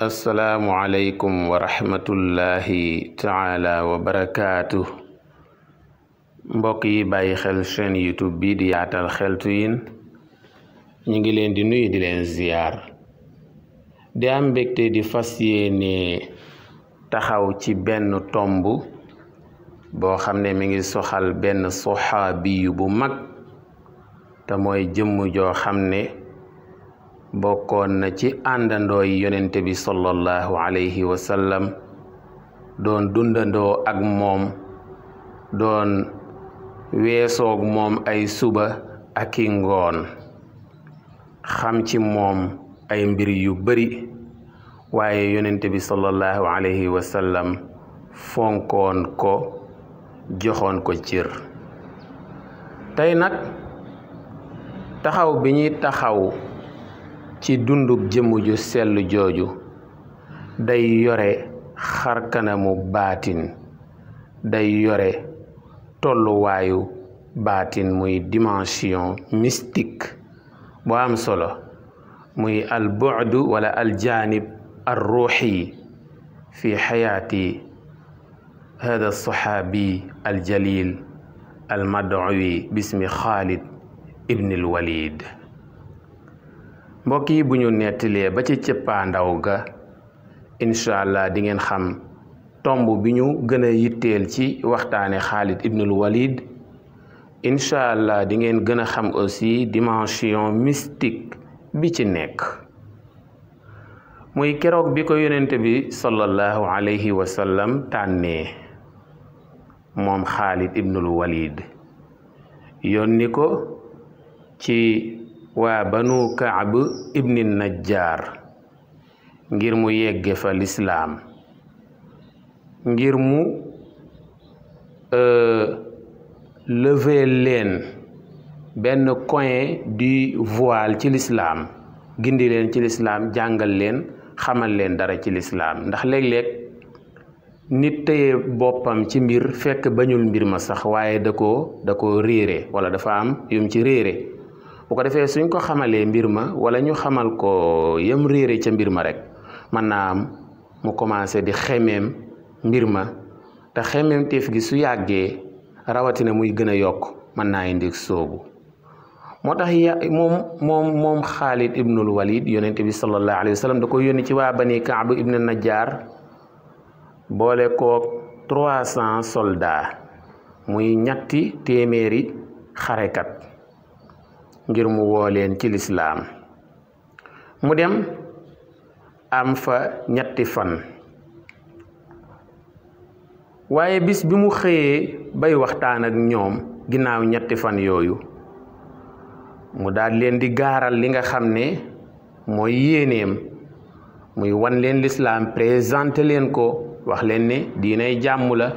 asalaamualeykum wa rahmatullahi taala wa barakaatu mbokk yi bàyyi xel chaîne youtube bi di yaatal xeltu yi ñu ngi leen di nuyu di leen ziyaar di am mbégte di fas yéene taxaw ci benn tomb boo xam ne mi ngi soxal benn soxaabiyu bu mag te mooy jëmm joo xam ne bokkoon na ci àndandooy yonente bi sallallahu alayhi wa doon dundandoo ak moom doon weesoog moom ay suba aki ngoon xam ci moom ay mbir yu bari waaye yonente bi sallallahu alayhi wa sallam fonkoon ko joxoon ko cër tey nag taxaw bi ñuy taxaw ci dundug jëmm ju sell jooju day yore xarkanamu baatin day yore tolluwaayu baatin muy dimension mystique bu am solo muy al wala al janib fi xayaati hada saxaabi al jalil al mad'uwi bismi Xaalid ibn al mbokk yi bu ñu nettalee ba ci cëppaandaw ga incha dingeen xam tomb bi ñu gën a yitteel ci waxtaane Xaalid ibnul Walid incha allah di ngeen gën a xam aussi dimension mystique bi ci nekk muy keroog bi ko yonente bi sallallahu alayhi wa tànnee moom Xaalid ibnul Walid yónni ko ci waa banu kaab ibni najjaar ngir mu yegge fa lislaam ngir mu euh, lever leen benn coin di voile ci lislaam gindi leen ci lislaam jàngal leen xamal leen dara ci lislaam ndax léeg-léeg nit téye boppam ci mbir fekk bañul mbir ma sax waaye da ko da ko réere wala dafa am yum ci réere bu ko defee suñ ko xamalee mbir ma wala ñu xamal ko yem réere ca mbir ma rek mën naa am mu commencé di xemeem mbir ma te xemeem teef gi su yàggee rawatina muy gën a yokk mën naa indi soobu moo tax ya moom moom moom Xaalid ibnul Walid yonent bi sallallahu alayhi wa da ko yónni ci waa bani Kaabu ibnu Najjaar boole ko trois cent soldats muy ñetti téeméeri xarekat ngir mu woo leen ci lislaam mu dem am fa ñetti fan waaye bis bi mu xëyee bay waxtaan ak ñoom ginnaaw ñetti fan yooyu mu daal leen di gaaral li nga xam ne mooy yéeneem muy wan leen lislaam présenté leen ko wax leen ne diinay jàmm la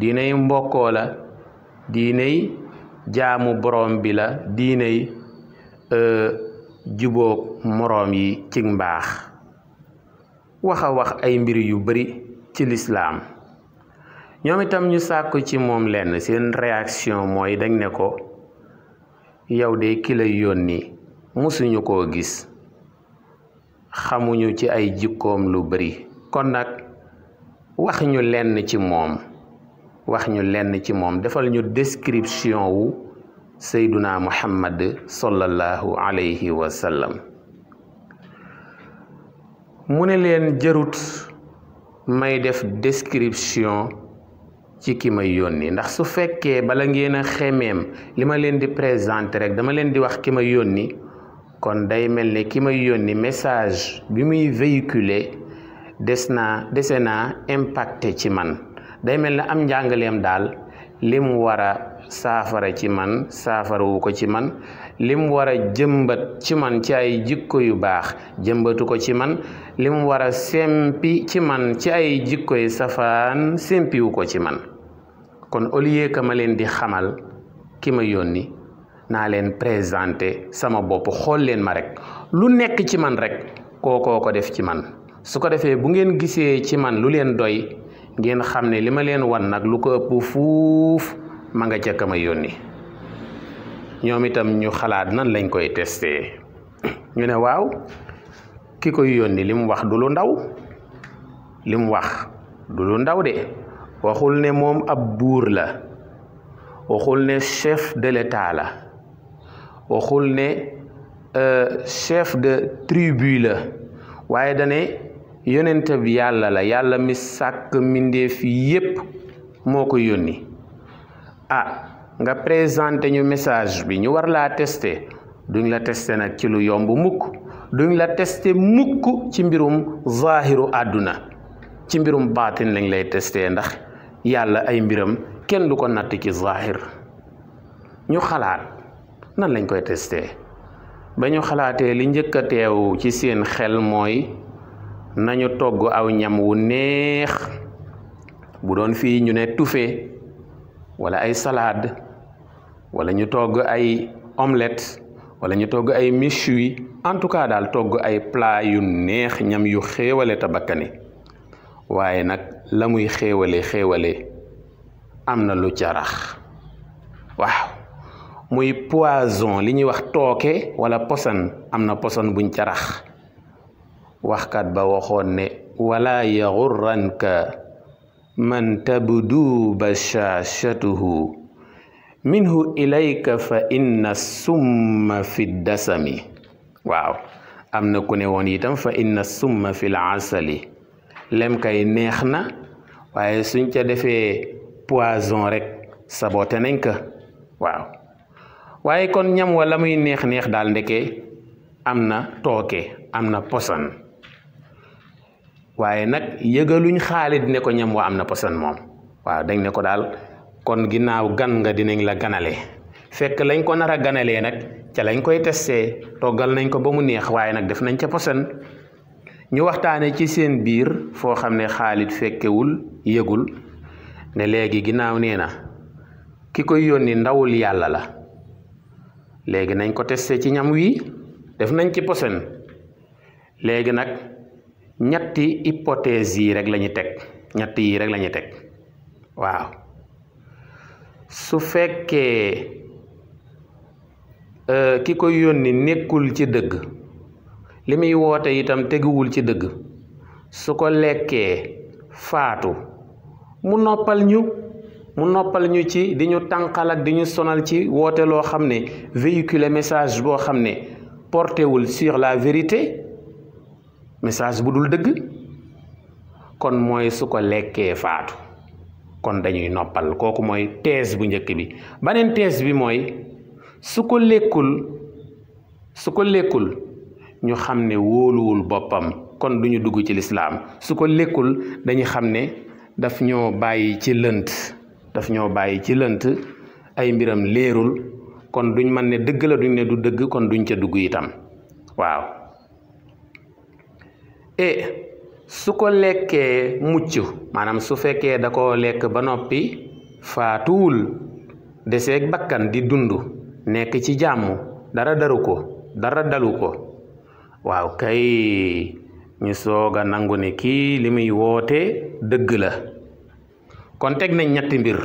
diinay mbokkoo la diinay jaamu boroom bi la diiney e, jubook moroom yi ci mbaax wax wax ay mbir yu bari ci lislaam ñoom itam ñu sàkku ci moom lenn seen réaction mooy dañ ne ko yow de kilo la ni mësuñu koo gis xamuñu ci ay jikkoom lu bari kon nag wax ñu lenn ci moom wax ñu lenn ci moom defal ñu description wu sayduna muhammad sallallahu alayhi wa sallam mu ne leen jërut may def description ci ki may yónni ndax su fekkee bala ngeen a xemeem li ma leen di présenter rek dama leen di wax ki ma yónni kon day mel ne ki may yónni message bi muy véhiculer des naa dese naa impacté ci man day mel ne am njàngaleem daal lim war a saafara ci man saafara ko ci man lim war a jëmbat ci man ci ay jikko yu baax jëmbatu ko ci man lim war a sempi ci man ci ay jikko yu safaan sempiwu ko ci man kon au lieu que ma leen di xamal ki ma yónni naa leen présenté sama bopp xool leen ma rek lu nekk ci man rek kookoo ko def ci man su ko defee bu ngeen gisee ci man lu leen doy ngeen xam ne li ma leen wan nag lu ko ëpp fuuf ma nga ca kama yónni ñoom itam ñu xalaat nan lañ koy teste ñu ne waaw ki koy yónni li wax du lu ndaw li wax du lu ndaw de waxul ne moom ab buur la waxul ne chef de l'État la waxul ne euh, chef de tribu la waaye dane yonente bi yàlla la yàlla mi sàkk mbindeef yépp moo ko yónni a ah, nga présenté ñu message bi ñu war laa testé duñ la testé nag ci lu yomb mukk duñ la teste mukk ci mbirum saxiiru àdduna ci mbirum baatin lañ lay teste ndax yàlla ay mbiram kenn du ko natt ci zahir ñu xalaat nan lañ koy testé ba ñu xalaatee li njëkk a ci seen xel mooy nañu togg aw ñam wu neex bu doon fii ñu ne tufe walla ay salaad wala ñu togg ay omelette wala ñu togg ay méchoui en tout cas daal togg ay plat yu neex ñam yu xéewale te bakkane waaye nag la muy xéewale xéewale am na lu carax waaw muy poison li ñuy wax tooke walla posan am na posan buñ carax waxkat ba waxoon ne wala yaxurranka manta tabdu bashaashatuhu minhu ilayka fa inna summa fi dasami waaw am na ku woon itam fa inna summa fi asali lem kay neex na waaye suñ ca defee poison rek sabote nañ ko waaw waaye kon ñam wala muy neex neex daal ndeke am na tooke am na posan waaye nag yëgaluñ Xaalid ne ko ñam wa am na posan moom waaw dañ ne ko daal kon ginnaaw gan nga dinañ la ganale fekk lañ ko nar a ganalee nag ca lañ koy testé toggal nañ ko ba mu neex waaye nag def nañ ca posan ñu waxtaane ci seen biir foo xam ne xaalit fekkewul yëgul ne léegi ginnaaw nee na ki koy yónni ndawul yàlla la léegi nañ ko testé ci ñam wii def nañ ci posan léegi nag ñetti hypothèse yi rek la teg ñett yi rek lañuy teg waaw su fekkee euh, ki ko yónni nekkul ci dëgg li muy woote itam teguwul ci dëgg su ko lekkee faatu mu noppal ñu mu noppal ñu ci di ñu tànqal ak di ñu sonal ci woote loo xam ne véhiculer message boo xam ne porté wul sur la vérité message bu dul dëgg kon mooy su ko lekkee faatu kon dañuy noppal kooku mooy thèse bu njëkk bi beneen thèse bi mooy su ko lekkul su ko lekkul ñu xam ne wóoluwul boppam kon duñu dugg ci lislaam su ko lekkul dañu xam ne daf ñoo bàyyi ci lënt daf ñoo bàyyi ci lënt ay mbiram leerul kon duñ mën ne dëgg la duñ ne du dëgg kon duñ ca dugg itam waaw e su ko lekkee mucc maanaam su fekkee da ko lekk ba noppi faatuwul deseeg bakkan di dund nekk ci jàmm dara daru ko dara dalu ko waaw kay ñu soog a nangu ne kii li muy woote dëgg la kon teg nañ ñetti mbir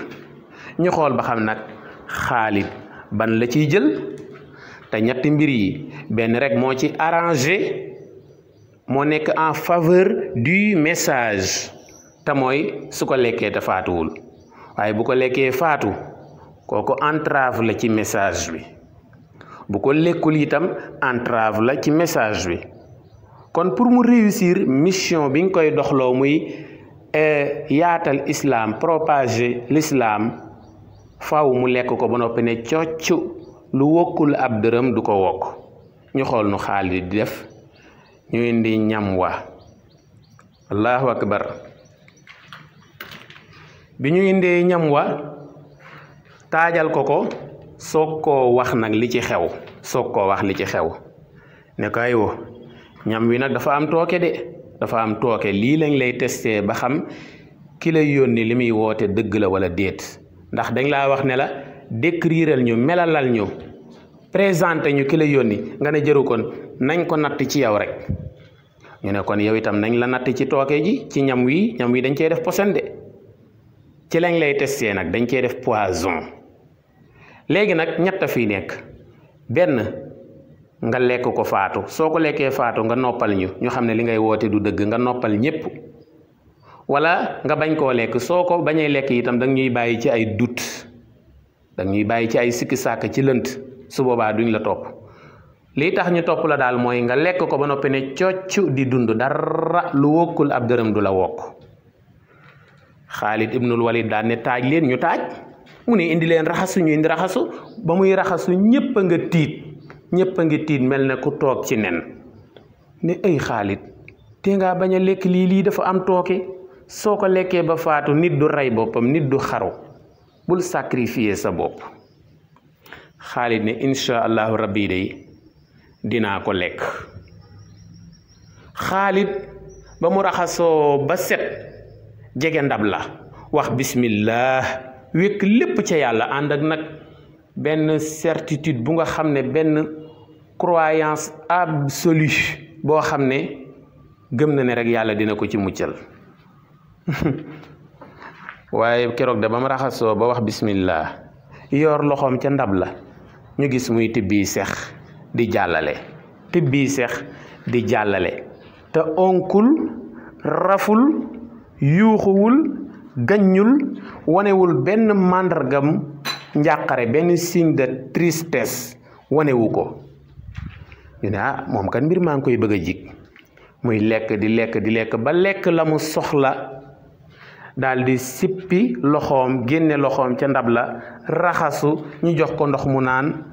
ñu xool ba xam nag Xaalid ban la ciy jël te ñetti mbir yi benn rekk moo ci arrangé moo nekk en faveur du message te su ko lekkee te faatuwul waaye bu ko lekkee faatu kooku entrave la ci message bi bu ko lekkul itam entrave la ci message bi kon pour mu réussir mission bi nga koy doxloo muy eh, yaatal islam propager l'islam faw mu lekk ko ba noppi ne cocc lu wokkul ab dërëm du ko wokk ñu xool nu xaalis di def ñu indi ñam wa allahu akbar bi ñu indee ñam wa taajal ko ko soog koo wax nag li ci xew soog koo wax li ci xew ne wo ñam wi nag dafa am tooke de dafa am tooke lii lañ lay testé ba xam ki lay yónni li muy woote dëgg la wala déet ndax dañ laa wax ne la décriral ñu melalal ñu présenté ñu ki lay yónni nga ne jëru kon nañ ko natt ci yow rek ñu ne kon yow itam nañ la natt ci tooke ji ci ñam wi ñam wi dañ cey def poison de ci lañ lay tes testé nag dañ cee def poison léegi nag ñett a fi nekk benn nga lekk ko faatu soo ko lekkee faatu nga noppal ñu ñu xam ne li ngay woote du dëgg nga noppal ñépp wala nga bañ koo lekk soo ko bañee lekk itam danga ñuy bàyyi ci ay dut danga ñuy bàyyi ci ay sikki sàkk ci lënt su boobaa duñ la topp lii tax ñu topp la daal mooy nga lekk ko ba noppi ne cocc di dund dara lu wokkul ab dërëm du la wokk xaalit ibnul walid daal ne taaj leen ñu taaj mu ne indi leen raxasu ñu indi raxasu ba muy raxasu ñépp a nga tiit ñépp a ngi tiit mel ne ku toog ci nen ne ay xaalit te nga bañ a lekk lii lii dafa am tooke soo ko lekkee ba faatu nit du rey boppam nit du xaru bul sacrifier sa bopp xaalit ne incha allahu rabbi day dinaa ko lekk Xaalid ba mu raxasoo ba set jege ndab la wax bismillah wékk lépp ca yàlla ànd ak nag benn certitude bu nga xam ne benn croyance absolue boo xam ne gëm na ne rek yàlla dina ko ci muccal waaye keroog da ba mu raxasoo ba wax bismillah yor loxoom ca ndab la ñu gis muy tibbi sex di jàllale te bii seex di jàllale te onkul raful yuuxuwul gaññul wonewul benn màndargam njàqare benn signe de tristesse wanewu ko ñu ah moom kan mbir maa ngi koy bëgg a jig muy lekk di lekk di lekk ba lekk la mu soxla daal di sippi loxoom génne loxoom ca ndab la raxasu ñu jox ko ndox mu naan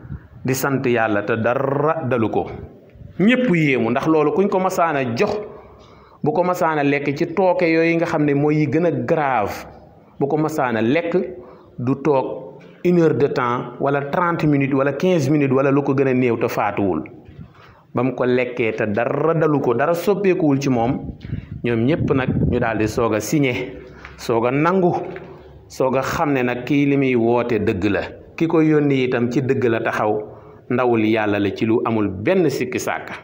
di sant yàlla te dara dalu ko ñépp yéemu ndax loolu kuñ ko masaana jox bu ko masaan a lekk ci tooke yooyu nga xam ne mooy yi gën a grave bu ko masaan lekk du toog une de temps wala trente minutes wala quinze minutes wala lu ko gën a néew te faatuwul ba mu ko lekkee te dara dalu ko dara soppeekuwul ci moom ñoom ñépp nag ñu daal di soog a signé soog a nangu soog a xam ne nag kii li muy woote dëgg la ki ko yónni itam ci dëgg la taxaw ndawul yàlla la ci lu amul benn sikki sàkka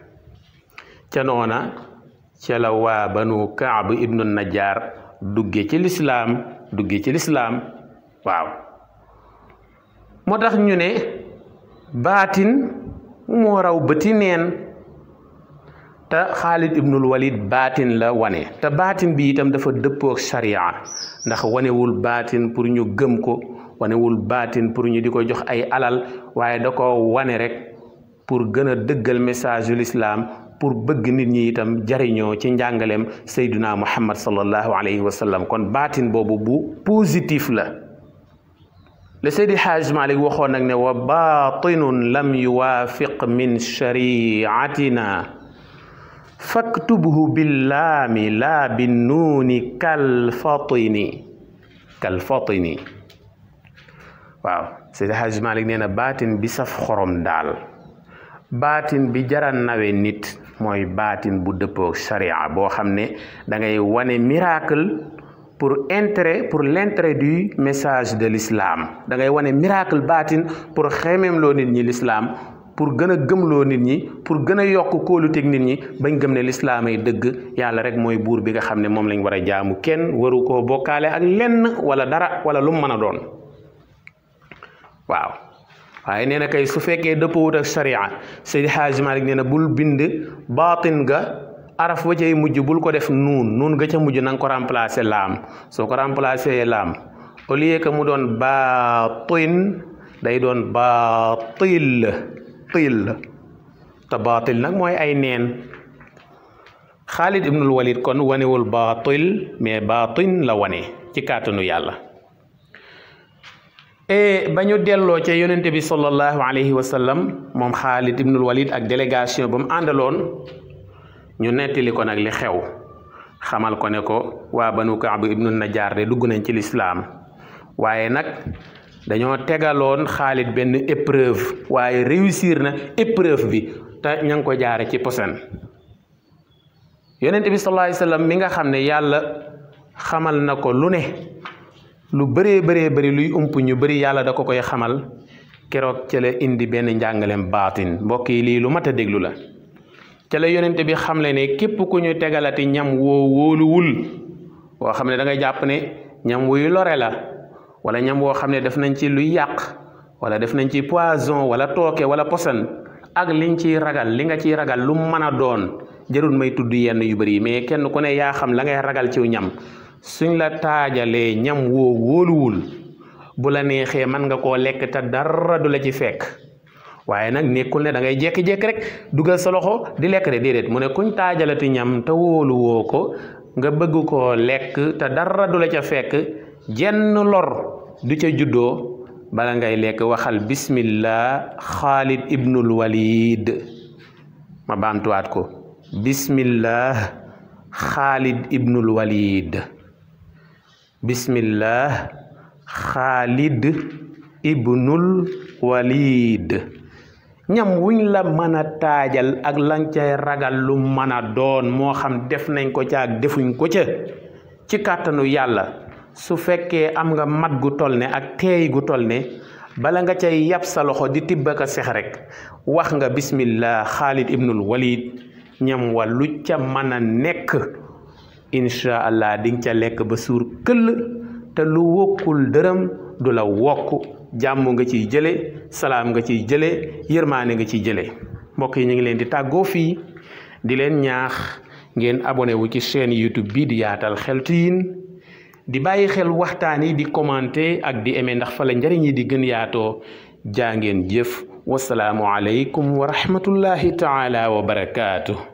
ca noona ca la waa banu Kaab ibnu Najjaar dugge ci lislaam dugge ci lislaam waaw moo tax ñu ne baatin moo raw bëti neen te Xaalid ibnul Walid baatin la wane te baatin bi itam dafa dëppook sariya ndax wanewul baatin pour ñu gëm ko wanewul baatin pour ñu di ko jox ay alal waaye da ko wane rek pour gën a dëggal message yu lislaam pour bëgg nit ñi itam jariñoo ci njàngaleem sayduna muhammad sallallahu alayhi wa sallam kon baatin boobu bu positif la le seydi xaaj malik waxoon nag ne wa baatinun lam yuwaafiq min shariatina faktubhu billaami laa binnuuni kalfatini kalfatini waaw Seydi Hadji Malick nee na baatin bi saf xorom daal baatin bi jara nawe nit mooy baatin bu dëppoo charia boo xam ne da ngay wane miracle pour intérêt pour l'intérêt du message de l'islam da ngay wane miracle baatin pour xemeemloo nit ñi l'islam pour gën a gëmloo nit ñi pour gën a yokk kóoluteg nit ñi bañ gëm ne lislaam ay dëgg yàlla rek mooy buur bi nga xam ne moom lañ war a jaamu kenn waru koo bokkaale ak lenn wala dara wala lu mu mën a doon waaw waaye nee na kay su fekkee dëppoowut ak sharia Seydi Haaji Malik bul bind baatin ga araf ba mujj bul ko def nuun nuun ga ca mujj na ko remplacer laam soo ko remplacer laam au lieu que mu doon baatin day doon baatil la te baatil nag mooy ay neen Xaalid ibnul Walid kon wanewul baatil mais baatin la wane ci kàttanu yàlla Eh, ba ñu delloo ca yonente bi sallallahu alayhi wa sallam moom Xaalid ibnul Walid ak délégation ba mu àndaloon ñu nettali ko nag li xew xamal ko ne ko waa banu Kaabu ibnu Najaar de dugg nañ ci lislaam waaye nag dañoo tegaloon Xaalid benn épreuve waaye réussir na épreuve bi te ña ngi ko jaare ci posen yonente bi sallallahu alayhi mi nga xam ne yàlla xamal na ko lu ne lu bëree bëree bëri luy ump ñu bëri yàlla da ko koy xamal keroog ca la indi benn njàngaleem baatin mbokk yi lii lu mat a déglu la ca la yonente bi xamle ne képp ku ñu tegalati ñam woo wóoluwul woo xam ne da ngay jàpp ne ñam wuy lore la wala ñam woo xam ne def nañ ci luy yàq wala def nañ ci poison wala tooke wala posan ak liñ ciy ragal li nga ciy ragal lu mën a doon jarul may tudd yenn yu bëri mais kenn ku ne yaa xam la ngay ragal ciw ñam suñ la taajalee ñam woo wóoluwul bu la neexee mën nga koo lekk te dara du la ci fekk waaye nag nekkul ne dangay ngay jékki rek dugal sa loxo di lekk de déedéet mu ne kuñ taajalati ñam te wóolu ko nga bëgg koo lekk te dara du la ca fekk jenn lor du ca juddoo bala ngay lekk waxal bismillah xaalid ibnul walid ma baamtuwaat ko bismillah xaalid ibnul walid bismillah xaalid ibnul walid ñam wuñ la mën a taajal ak lan cay ragal lu mën a doon moo xam def nañ ko ca ak defuñ ko ca ci kàttanu yàlla su fekkee am nga mat gu toll ne ak teey gu toll ne bala nga ca yàpp sa loxo di tibbaka sex rek wax nga bismillah xaalid ibnul walid ñam wa lu ca mën a nekk incha allah di nga ca lekk ba suur këll te lu wokkul dërëm du la wokk jàmm nga ci jële salaam nga ci jële yërmaane nga ciy jële mbokk yi ñu ngi leen di tàggoo fii di leen ñaax ngeen abonewu ci seen YouTube bii di yaatal xeltu yin di bàyyi xel waxtaan yi di commenter ak di aimer ndax fa la njëriñ yi di gën yaatoo jaa ngeen jëf wasalaamu aleykum wa rahmatullahi taala wa barakaatu.